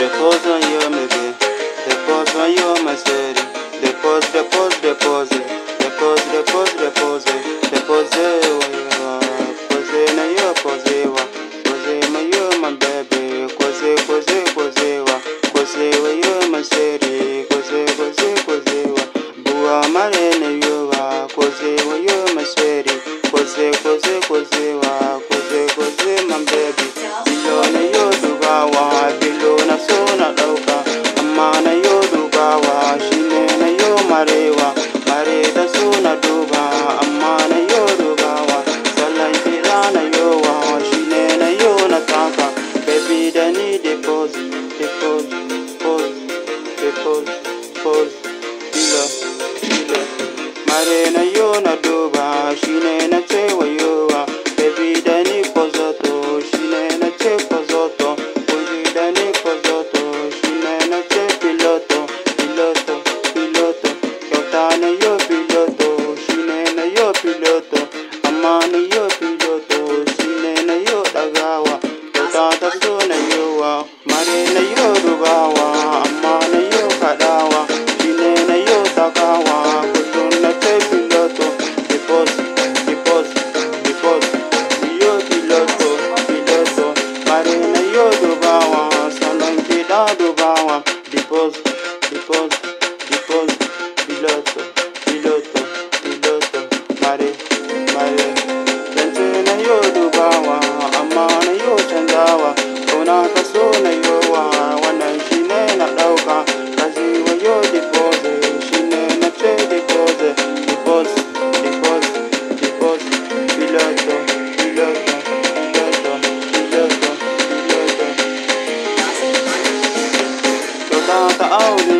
The pose on you, maybe. The pose on you, my steady. The pose, the pose, the pose. The pose, the pose, the pose. The pose, eh, oh, pose, eh, na yo. pose, eh, wa. my yo, my baby. Pose, pose, pose, wa. Pose, wa you, my steady. Pose, pose, pose, wa. Bua, my na yo, wa. Pose, wa you, my steady. Pose, pose, pose, wa. Maréwa, maré da su na duba amma na yo dubawa sallan fila na yo wa, shine na yo na tafa baby da ni deposit deposit pose deposit pose fila fila mare na yo na duba shine. ne the oldest.